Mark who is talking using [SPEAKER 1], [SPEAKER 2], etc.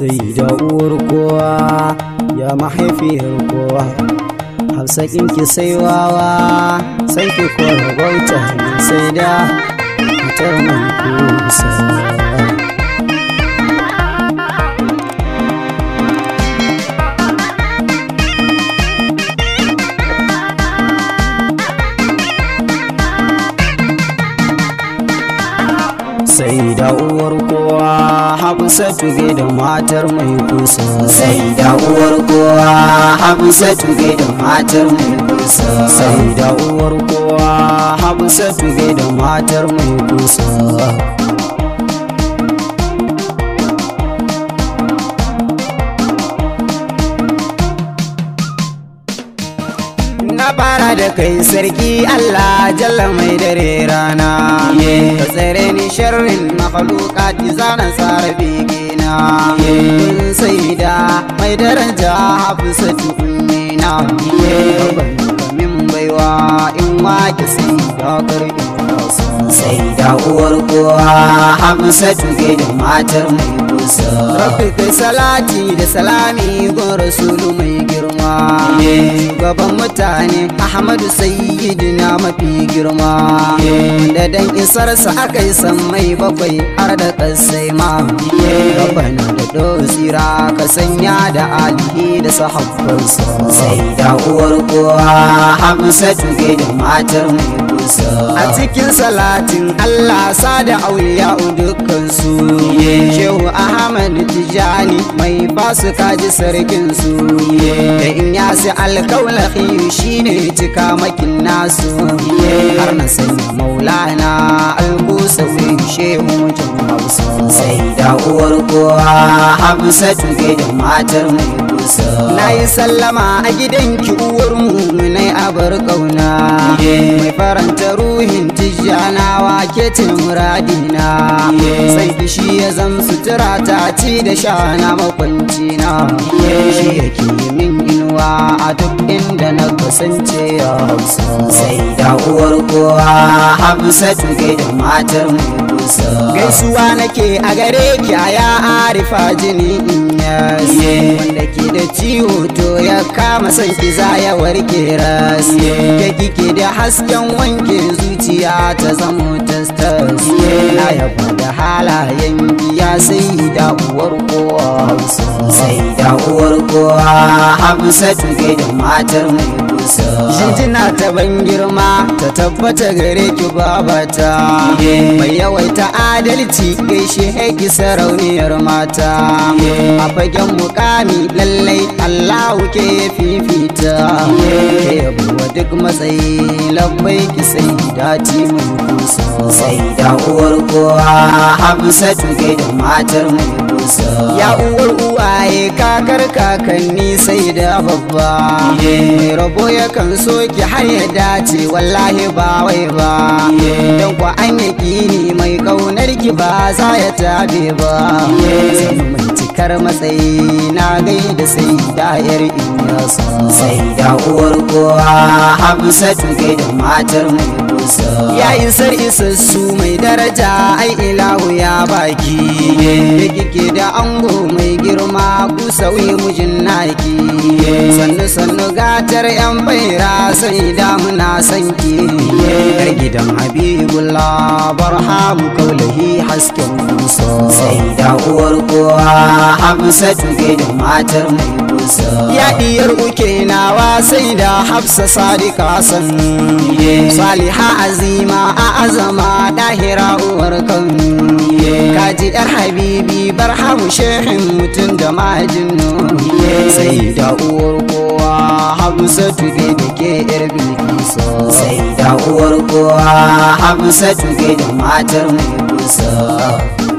[SPEAKER 1] sai da uwar kowa ya mahaifiyar kowa hafsa ki sai wawa sai ki kora bauta sai da matar mai kusa uwar kowa ge da matar mai kusa sai da uwar kowa ge da matar mai kusa sai da uwar kowa ge da matar mai kusa fara da kai sarki Allah jalla mai dare rana ka tsare ni sharrin mahaluka ti zana tsara gina kun sai da mai daraja hafsa tuni na min baiwa in ki sai ga karbi sai da uwar kowa hamsatu gidan matar mai kusa rabbi kai salati da salami gun rasulu mai girma gaban mutane ahmadu na mafi girma da dan isarsa aka yi mai bakwai har da kasai ma rabana da dosira ka sanya da alihi da sahabbansa sai
[SPEAKER 2] da uwar kowa
[SPEAKER 1] hamsatu gidan matar mai a cikin salatin Allah sada auliya dukkan su shehu Ahmad Tijani mai basu kaji sarkin su da in ya si alkaula shine cika makin nasu har na sanya maulana alkusa sai shehu mutum hausa sai da
[SPEAKER 2] uwar kowa Hamsatu
[SPEAKER 1] da matar mai Na yi sallama a gidanki uwar a abar ƙauna. Mai faranta ruhin tijjana wa ke muradina. Sai shi ya zan sutura ta ci da sha na makwancina. Shi yake min inuwa a duk inda na kasance ya hausa. Sai da uwar kowa hamsa tuge da matar mai kusa. Gaisuwa nake a gare ki a ya arifa jini in yas wanda ke da ciwo to ya kama son ki za ya warke ras da kike da hasken wanke zuciya ta zamo tastas na ya da halayen giya, ya sai da uwar kowa sai da uwar kowa hamsatu da matar mai Jitina ta ban girma ta tabbata gare ki babata Mai yawaita adalci gaishe haiki sarauniyar mata A fagen mukami lallai Allahu ke ya fifita Ke yabuwa duk matsayi labbai ki sai dati mai kusa Sai da uwar
[SPEAKER 2] kowa
[SPEAKER 1] tuge da matar mai kusa kakar kakanni sai da babba rabo ya kan soki har ya dace wallahi ba wai ba don kwa an yi ba za ya tabe ba zama cikar matsayi na gaida sai da yar inyasa
[SPEAKER 2] sai da uwar kowa
[SPEAKER 1] hamsatu da matar mai kusa ya isa isassu mai daraja ai ilahu ya baki da kike da ango mai girma ku sauyi mijin naki sannu sannu gatar yan baira sai da muna sanki gidan habibullah barhamu kaulahi hasken musa sai da uwar kowa tuge da matar mai musa ya diyar uke nawa sai da hafsa sadika san saliha azima a azama dahira uwar kan kaji yar habibi hamu shehin mutum da majin sai da uwar kowa tuge da ke yar sai da uwar
[SPEAKER 2] kowa
[SPEAKER 1] tuge da matar
[SPEAKER 2] mai amsa